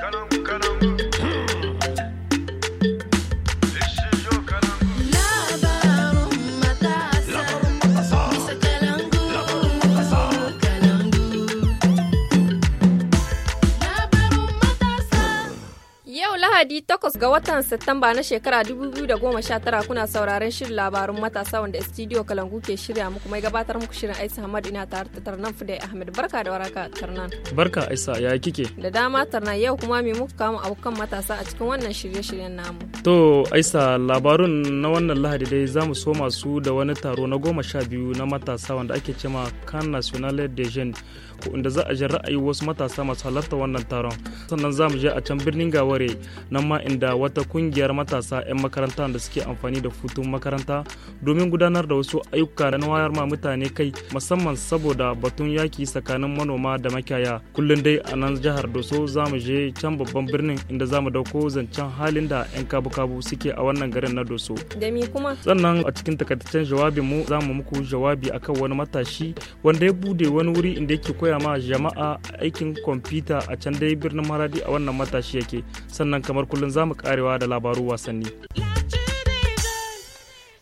come on. Lahadi 8 ga watan Satumba na shekara 2019 kuna sauraron shirin labarun matasa wanda studio Kalangu ke shirya muku mai gabatar muku shirin Aisha Hamad ina tare da Tarnan Fudai Ahmed. Barka da waraka Tarnan. Barka Aisha ya kike? Da dama Tarnan yau kuma me muku kawo abokan matasa a cikin wannan shirye-shiryen namu. To Aisha labarun na wannan Lahadi dai za mu so masu da wani taro na goma sha biyu na matasa wanda ake cema Kan National de Jeunes inda za a ji ra'ayi wasu matasa masu halarta wannan taron. Sannan za mu je a can birnin Gaware nan ma inda wata kungiyar matasa 'yan makaranta da suke amfani da futun makaranta domin gudanar da wasu ayyuka na wayar ma mutane kai musamman saboda batun yaki tsakanin manoma da makiyaya kullum dai a nan jihar doso za mu je can babban birnin inda za mu dauko zancen halin da 'yan kabu-kabu suke a wannan garin na doso sannan a cikin takaitaccen jawabin mu za mu muku jawabi akan wani matashi wanda ya bude wani wuri inda yake koya ma jama'a aikin kwamfuta a can dai birnin maradi a wannan matashi yake sannan kamar kamar kullum za mu karewa da labaru wasanni.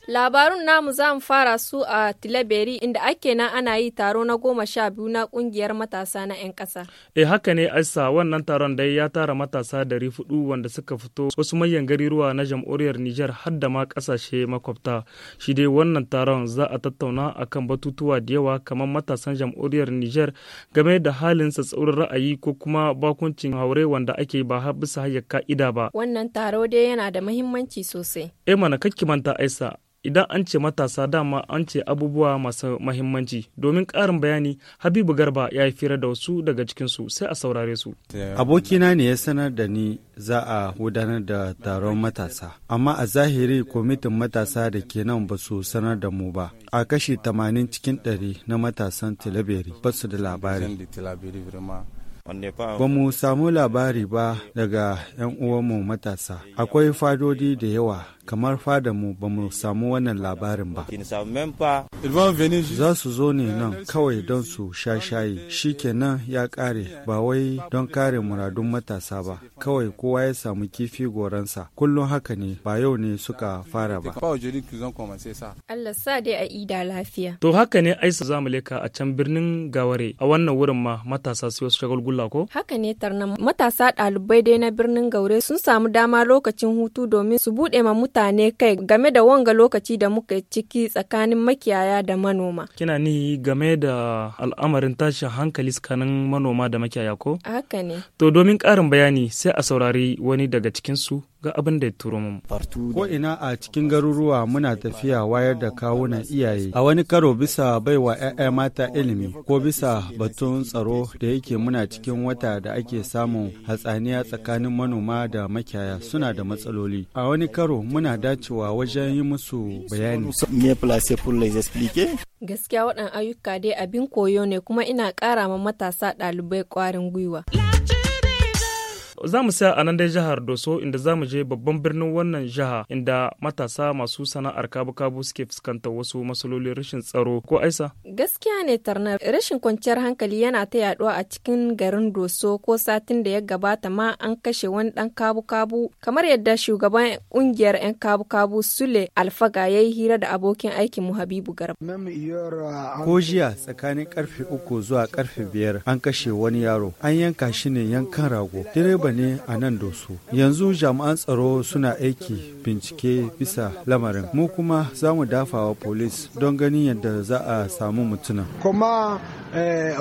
Labarun namu za mu fara su a tileberi inda ake nan ana yi taro na goma sha biyu na kungiyar matasa na 'yan ƙasa. E haka ne Aisa wannan taron dai ya tara matasa dari fudu wanda suka fito wasu manyan garuruwa na jamhuriyar Nijar har da ma ƙasashe makwabta. Shi dai wannan taron za a tattauna akan batutuwa da yawa kamar matasan jamhuriyar Nijar game da halin tsaurin ra'ayi ko kuma bakuncin haure wanda ake ba bisa hayyar ka'ida ba. Wannan taro dai yana da muhimmanci sosai. E mana kakki manta Aisa idan an ce matasa dama an ce abubuwa masu mahimmanci domin ƙarin bayani habibu garba ya yi fira da wasu daga cikinsu sai a saurare su abokina ne ya sanar da ni za a gudanar da taron matasa amma a zahiri kwamitin matasa da ke nan ba su sanar da mu ba a kashi 80 cikin 100 na matasan tilaberi ba su da labari Ba mu samu labari ba daga 'yan uwanmu matasa. Akwai fadodi da yawa kamar fada mu ba mu samu wannan labarin ba. Za su zo ne nan kawai don su sha shayi, shi kenan ya kare ba wai don kare muradun matasa ba, kawai kowa ya samu kifi goransa. Kullum haka ne ba yau ne suka fara ba. Allah sa dai a ida lafiya. To haka ne Aisa leka a can birnin Gaware a wannan wurin ma matasa su shagulgula ko? Haka ne tarnan matasa ɗalibai dai na birnin Gaure sun samu dama lokacin hutu domin su buɗe ma mutane kai game da wanga lokaci da muka ciki tsakanin makiyaya da manoma. Kina ni game da al'amarin tashin hankali tsakanin manoma da makiyaya ko? Haka ne. To domin ƙarin bayani sai a saurari wani daga cikinsu ga abin da ya turo mu. Ko ina a cikin garuruwa muna tafiya wayar da kawunan iyaye. A wani karo bisa baiwa 'ya'ya mata ilimi ko bisa batun tsaro da yake muna cikin wata da ake samun hatsaniya tsakanin manoma da makiyaya suna da matsaloli. A wani karo muna dacewa wajen yi musu bayani. Gaskiya waɗannan ayyuka dai abin koyo ne kuma ina ƙara ma matasa ɗalibai ƙwarin gwiwa. Za mu saya a nan dai jihar Doso inda za mu je babban birnin wannan jiha inda matasa masu sana'ar kabu-kabu suke fuskantar wasu matsalolin rashin tsaro ko aisa. Gaskiya ne tarna rashin kwanciyar hankali yana ta yaduwa a cikin garin Doso ko satin da ya gabata ma an kashe wani dan kabu-kabu kamar yadda shugaban kungiyar 'yan kabu-kabu Sule Alfaga ya yi hira da abokin aikin mu Habibu Garba. Ko jiya tsakanin karfe uku zuwa karfe biyar an kashe wani yaro an yanka shi ne yankan rago. Direba garba ne a nan doso yanzu jami'an tsaro suna aiki bincike bisa lamarin mu kuma za mu dafawa polis don ganin yadda za a samu mutumin eh,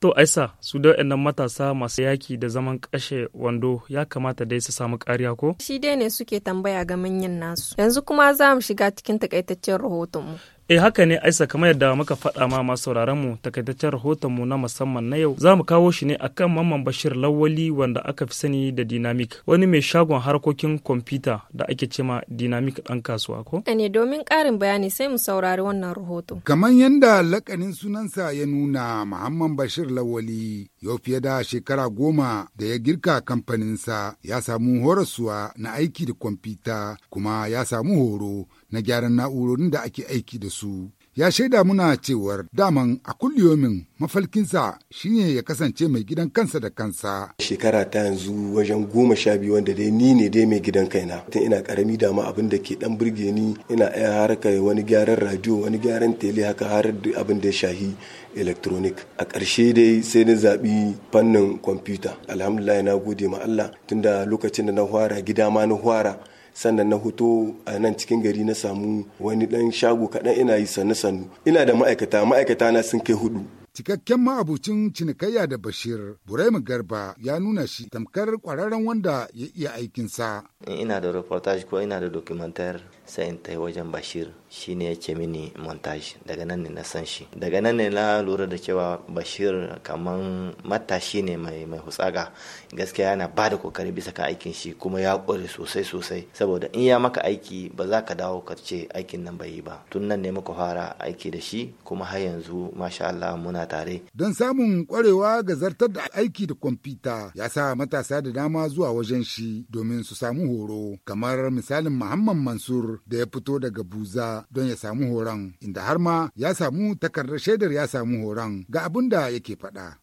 to aisa su da nan matasa masu yaki da zaman kashe wando ya kamata dai su samu kariya ko shi dai ne suke tambaya ga manyan nasu yanzu kuma za mu shiga cikin takaitaccen rahoton mu Eh haka ne Aisa kamar yadda muka faɗa ma masu sauraron mu takaitaccen rahoton mu na musamman na yau zamu kawo shi ne akan Mamman Bashir Lawali wanda aka fi sani da Dynamic wani mai shagon harkokin kwamfuta da ake cema Dynamic ɗan kasuwa ko? Eh, ne domin ƙarin bayani sai mu saurari wannan rahoto. Kamar yadda lakanin sunansa ya nuna Muhammad Bashir Lawali yau fiye da shekara goma da ya girka kamfaninsa ya samu horasuwa na aiki da kwamfuta kuma ya samu horo na gyaran na'urorin da ake aiki da su ya shaida muna cewar daman a kulliyomin mafalkinsa shine ya kasance mai gidan kansa da kansa. Shekara ta yanzu wajen goma sha biyu wanda dai ni ne dai mai gidan kaina. Tun ina karami dama abin da ke dan burge ni ina iya harka wani gyaran radio wani gyaran tele haka har abin da ya shahi electronic. A ƙarshe dai sai na zaɓi fannin kwamfuta. Alhamdulillah na gode ma Allah tunda lokacin da na fara gida ma na fara sannan na hoto a nan cikin gari na samu wani dan shago kaɗan ina yi sannu sannu ina da ma'aikata ma'aikata na sun kai hudu Cikakken ma'abucin cinikayya da Bashir, Buraimu Garba ya nuna shi tamkar kwararren wanda ya iya aikinsa. Ina da reportage ko ina da documentary sai in wajen bashir shi ne yake mini montage daga nan ne na san shi daga nan ne na lura da cewa bashir kamar matashi ne mai mai hutsaga gaskiya yana ba da kokari bisa kan aikin shi kuma ya kware sosai sosai saboda in ya maka aiki ba za ka dawo ka ce aikin nan bai yi ba tun nan ne muka fara aiki da shi kuma har yanzu masha Allah muna tare don samun kwarewa ga zartar da aiki da kwamfuta ya sa matasa da dama zuwa wajen shi domin su samu horo kamar misalin Muhammad Mansur da ya fito daga Buza don ya samu horon, inda har ma ya samu takardar shaidar ya samu horon ga abin da yake faɗa.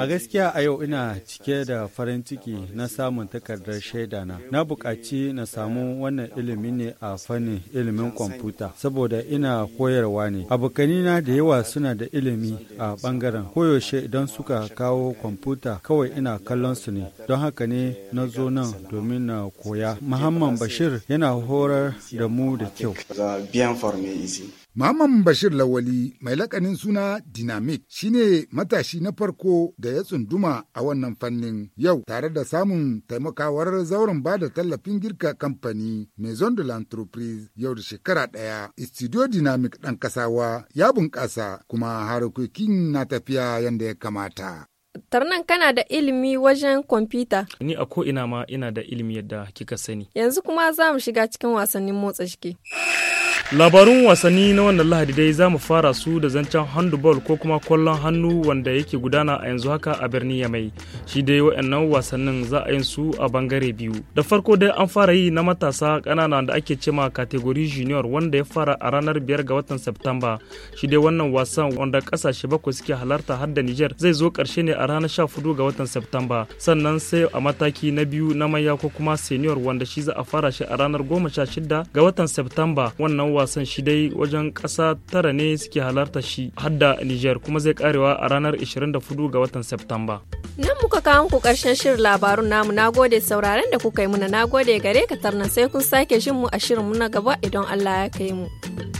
A gaskiya a yau ina cike da farin ciki na samun takardar shaida na. Na buƙaci na samu wannan ilimi ne a fannin ilimin kwamfuta saboda ina koyarwa ne. Abokanina da yawa suna da ilimi a ɓangaren koyaushe idan suka kawo kwamfuta kawai ina kallon su ne. Don haka ne na zo nan domin na koya. Muhammad Bashir yana horar da mu da kyau. Maman Bashir Lawali mai lakanin suna Dynamic shine matashi na farko da ya tsunduma a wannan fannin yau tare da samun taimakawar zauren ba da tallafin girka kamfani Maison de l'entreprise yau da shekara ɗaya. Studio Dynamic ɗan kasawa ya bunƙasa kuma harkokin na tafiya yadda ya kamata. nan kana da ilimi wajen kwamfuta. Ni a ko ina ma ina da ilimi yadda kika sani. Yanzu kuma za mu shiga cikin wasannin motsa jiki. labarun wasanni na wannan lahadi dai za mu fara su da zancen handball ko kuma kwallon hannu wanda yake gudana a yanzu haka a birnin yamai shi dai wa'annan wasannin za a yin su a bangare biyu da farko dai an fara yi na matasa ƙanana da ake cema kategori junior wanda ya fara a ranar biyar ga watan septamba shi dai wannan wasan wanda kasashe bakwai suke halarta har da niger zai zo karshe ne a ranar sha hudu ga watan septamba sannan sai a mataki na biyu na maya ko kuma senior wanda shi za a fara shi a ranar goma sha shida ga watan septamba wannan wannan wasan shi dai wajen kasa tara ne suke halarta shi hadda Niger kuma zai karewa a ranar 24 ga watan Septamba. Nan muka kawo ku karshen shirin labarun namu na gode sauraron da kuka yi muna na gode gare ka tarnan sai kun sake shin mu a shirin mu na gaba idan Allah ya kai mu.